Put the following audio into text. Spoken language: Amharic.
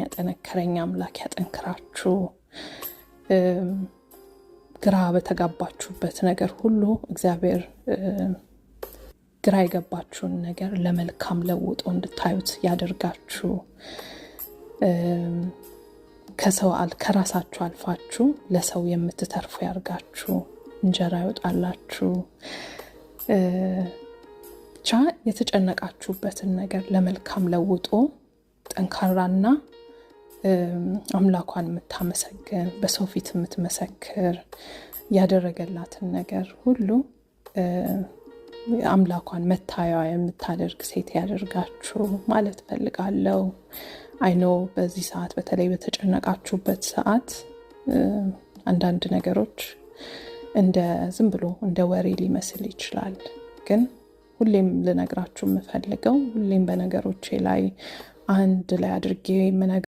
ያጠነከረኝ አምላክ ያጠንክራችሁ። ግራ በተጋባችሁበት ነገር ሁሉ እግዚአብሔር ግራ የገባችሁን ነገር ለመልካም ለውጦ እንድታዩት ያደርጋችሁ። ከሰው ከራሳችሁ አልፋችሁ ለሰው የምትተርፉ ያርጋችሁ። እንጀራ ይወጣላችሁ። ብቻ የተጨነቃችሁበትን ነገር ለመልካም ለውጦ ጠንካራና አምላኳን የምታመሰግን በሰው ፊት የምትመሰክር ያደረገላትን ነገር ሁሉ አምላኳን መታያ የምታደርግ ሴት ያደርጋችሁ ማለት ፈልጋለው። አይኖ በዚህ ሰዓት በተለይ በተጨነቃችሁበት ሰዓት አንዳንድ ነገሮች እንደ ዝም ብሎ እንደ ወሬ ሊመስል ይችላል። ግን ሁሌም ልነግራችሁ የምፈልገው ሁሌም በነገሮቼ ላይ አንድ ላይ አድርጌ